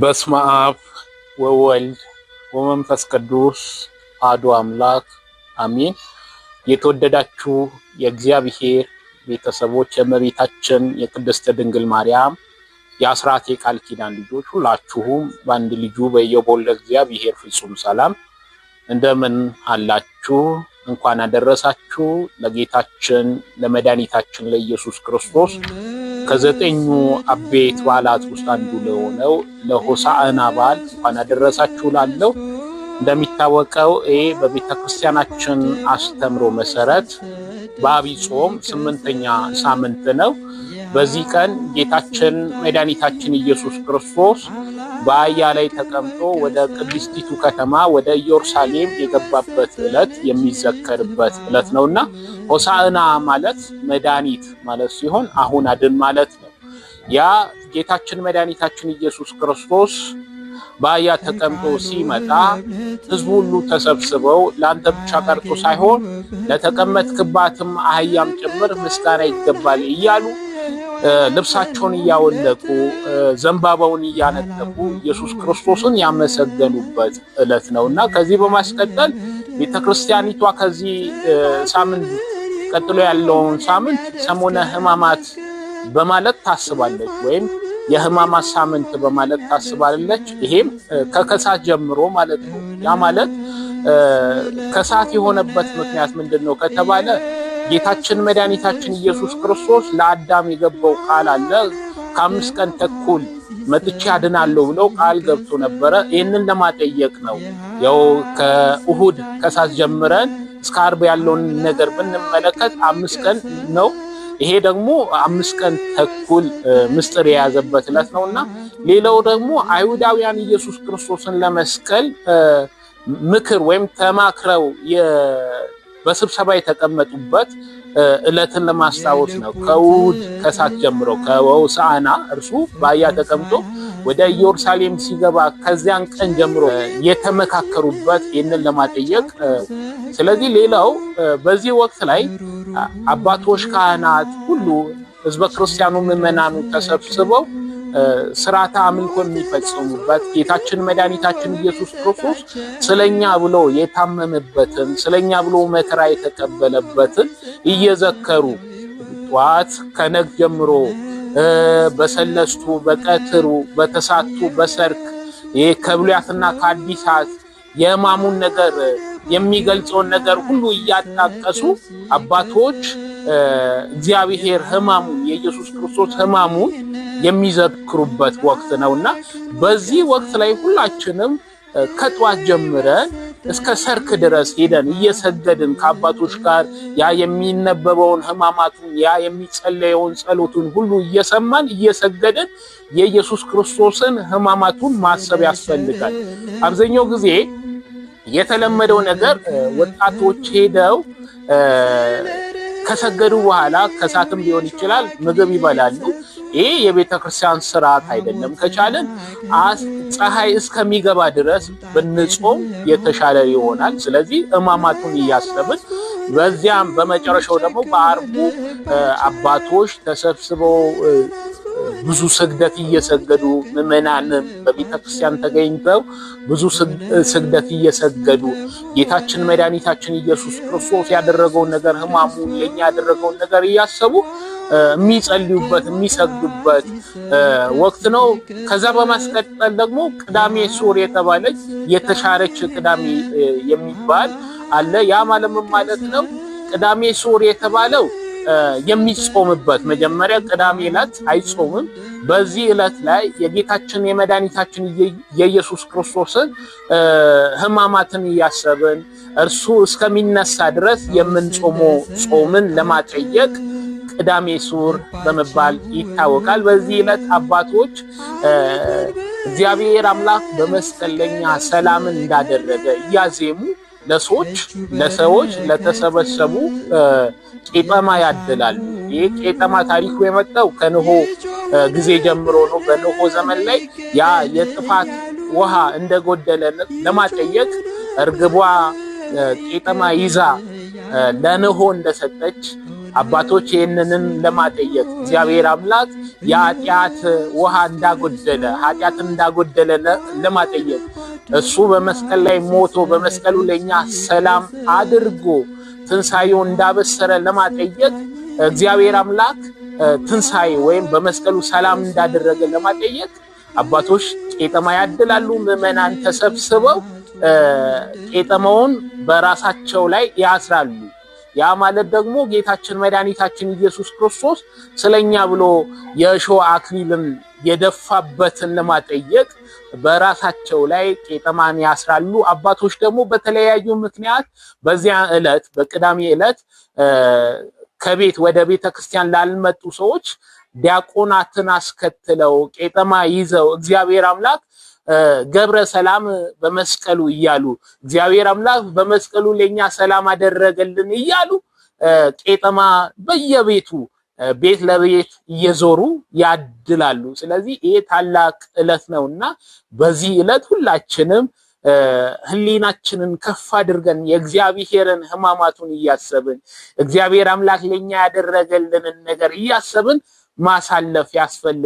በስመ አብ ወወልድ ወመንፈስ ቅዱስ አሐዱ አምላክ አሜን። የተወደዳችሁ የእግዚአብሔር ቤተሰቦች የእመቤታችን የቅድስት ድንግል ማርያም የአስራት የቃል ኪዳን ልጆች ሁላችሁም በአንድ ልጁ በየቦለ እግዚአብሔር ፍጹም ሰላም እንደምን አላችሁ? እንኳን አደረሳችሁ ለጌታችን ለመድኃኒታችን ለኢየሱስ ክርስቶስ ከዘጠኙ አበይት በዓላት ውስጥ አንዱ ለሆነው ለሆሳዕና በዓል እንኳን አደረሳችሁ ላለው እንደሚታወቀው ይህ በቤተ ክርስቲያናችን አስተምሮ መሰረት በአብይ ጾም ስምንተኛ ሳምንት ነው። በዚህ ቀን ጌታችን መድኃኒታችን ኢየሱስ ክርስቶስ በአህያ ላይ ተቀምጦ ወደ ቅድስቲቱ ከተማ ወደ ኢየሩሳሌም የገባበት ዕለት የሚዘከርበት ዕለት ነው እና ሆሳዕና ማለት መድኃኒት ማለት ሲሆን አሁን አድን ማለት ነው። ያ ጌታችን መድኃኒታችን ኢየሱስ ክርስቶስ በአህያ ተቀምጦ ሲመጣ ሕዝቡ ሁሉ ተሰብስበው ለአንተ ብቻ ቀርቶ ሳይሆን ለተቀመጥክባትም አህያም ጭምር ምስጋና ይገባል እያሉ ልብሳቸውን እያወለቁ ዘንባባውን እያነጠቁ ኢየሱስ ክርስቶስን ያመሰገኑበት ዕለት ነው እና ከዚህ በማስቀጠል ቤተክርስቲያኒቷ ከዚህ ሳምንት ቀጥሎ ያለውን ሳምንት ሰሞነ ሕማማት በማለት ታስባለች ወይም የሕማማት ሳምንት በማለት ታስባለች። ይሄም ከከሳት ጀምሮ ማለት ነው። ያ ማለት ከሳት የሆነበት ምክንያት ምንድን ነው ከተባለ ጌታችን መድኃኒታችን ኢየሱስ ክርስቶስ ለአዳም የገባው ቃል አለ። ከአምስት ቀን ተኩል መጥቼ አድናለሁ ብለው ቃል ገብቶ ነበረ። ይህንን ለማጠየቅ ነው። ያው ከእሁድ ከሳት ጀምረን እስከ አርብ ያለውን ነገር ብንመለከት አምስት ቀን ነው። ይሄ ደግሞ አምስት ቀን ተኩል ምስጢር የያዘበት ዕለት ነው እና ሌላው ደግሞ አይሁዳውያን ኢየሱስ ክርስቶስን ለመስቀል ምክር ወይም ተማክረው በስብሰባ የተቀመጡበት እለትን ለማስታወስ ነው። ከውድ ከሳት ጀምሮ ከወሳና እርሱ በአህያ ተቀምጦ ወደ ኢየሩሳሌም ሲገባ ከዚያን ቀን ጀምሮ የተመካከሩበት ይህንን ለማጠየቅ። ስለዚህ ሌላው በዚህ ወቅት ላይ አባቶች፣ ካህናት ሁሉ ህዝበ ክርስቲያኑ ምዕመናኑ ተሰብስበው ስርዓተ አምልኮ የሚፈጽሙበት ጌታችን መድኃኒታችን ኢየሱስ ክርስቶስ ስለኛ ብሎ የታመመበትን ስለኛ ብሎ መከራ የተቀበለበትን እየዘከሩ ጠዋት ከነግ ጀምሮ በሰለስቱ በቀትሩ በተሳቱ በሰርክ ከብሉያትና ከአዲሳት የሕማሙን ነገር የሚገልጸውን ነገር ሁሉ እያጣቀሱ አባቶች እግዚአብሔር ሕማሙን የኢየሱስ ክርስቶስ ሕማሙን የሚዘክሩበት ወቅት ነውና በዚህ ወቅት ላይ ሁላችንም ከጧት ጀምረን እስከ ሰርክ ድረስ ሄደን እየሰገድን ከአባቶች ጋር ያ የሚነበበውን ሕማማቱን ያ የሚጸለየውን ጸሎቱን ሁሉ እየሰማን እየሰገድን የኢየሱስ ክርስቶስን ሕማማቱን ማሰብ ያስፈልጋል። አብዛኛው ጊዜ የተለመደው ነገር ወጣቶች ሄደው ከሰገዱ በኋላ ከሰዓትም ሊሆን ይችላል ምግብ ይበላሉ። ይሄ የቤተ ክርስቲያን ስርዓት አይደለም። ከቻለን ፀሐይ እስከሚገባ ድረስ ብንጾም የተሻለ ይሆናል። ስለዚህ እማማቱን እያሰብን በዚያም በመጨረሻው ደግሞ በአርቡ አባቶች ተሰብስበው ብዙ ስግደት እየሰገዱ ምዕመናንም በቤተ ክርስቲያን ተገኝተው ብዙ ስግደት እየሰገዱ ጌታችን መድኃኒታችን ኢየሱስ ክርስቶስ ያደረገውን ነገር ሕማሙን የኛ ያደረገውን ነገር እያሰቡ የሚጸልዩበት የሚሰግዱበት ወቅት ነው። ከዛ በማስቀጠል ደግሞ ቅዳሜ ሱር የተባለች የተሻረች ቅዳሜ የሚባል አለ። ያ ማለም ማለት ነው ቅዳሜ ሱር የተባለው የሚጾምበት መጀመሪያ ቅዳሜ ዕለት አይጾምም። በዚህ ዕለት ላይ የጌታችን የመድኃኒታችን የኢየሱስ ክርስቶስን ሕማማትን እያሰብን እርሱ እስከሚነሳ ድረስ የምንጾመው ጾምን ለማጠየቅ ቅዳሜ ስዑር በመባል ይታወቃል። በዚህ ዕለት አባቶች እግዚአብሔር አምላክ በመስቀል ለኛ ሰላምን እንዳደረገ እያዜሙ ለሰዎች ለሰዎች ለተሰበሰቡ ቄጠማ ያድላሉ። ይህ ቄጠማ ታሪኩ የመጣው ከንሆ ጊዜ ጀምሮ ነው። በንሆ ዘመን ላይ ያ የጥፋት ውሃ እንደጎደለ ለማጠየቅ እርግቧ ቄጠማ ይዛ ለንሆ እንደሰጠች አባቶች ይህንንም ለማጠየቅ እግዚአብሔር አምላክ የኃጢአት ውሃ እንዳጎደለ ኃጢአትን እንዳጎደለ ለማጠየቅ እሱ በመስቀል ላይ ሞቶ በመስቀሉ ለእኛ ሰላም አድርጎ ትንሣኤው እንዳበሰረ ለማጠየቅ እግዚአብሔር አምላክ ትንሣኤ ወይም በመስቀሉ ሰላም እንዳደረገ ለማጠየቅ አባቶች ቄጠማ ያድላሉ። ምዕመናን ተሰብስበው ቄጠማውን በራሳቸው ላይ ያስራሉ። ያ ማለት ደግሞ ጌታችን መድኃኒታችን ኢየሱስ ክርስቶስ ስለኛ ብሎ የእሾህ አክሊልን የደፋበትን ለማጠየቅ በራሳቸው ላይ ቄጠማን ያስራሉ። አባቶች ደግሞ በተለያዩ ምክንያት በዚያ ዕለት በቅዳሜ ዕለት ከቤት ወደ ቤተ ክርስቲያን ላልመጡ ሰዎች ዲያቆናትን አስከትለው ቄጠማ ይዘው እግዚአብሔር አምላክ ገብረ ሰላም በመስቀሉ እያሉ እግዚአብሔር አምላክ በመስቀሉ ለኛ ሰላም አደረገልን እያሉ ቄጠማ በየቤቱ ቤት ለቤት እየዞሩ ያድላሉ። ስለዚህ ይሄ ታላቅ ዕለት ነውና በዚህ ዕለት ሁላችንም ህሊናችንን ከፍ አድርገን የእግዚአብሔርን ሕማማቱን እያሰብን እግዚአብሔር አምላክ ለኛ ያደረገልንን ነገር እያሰብን ማሳለፍ ያስፈልጋል።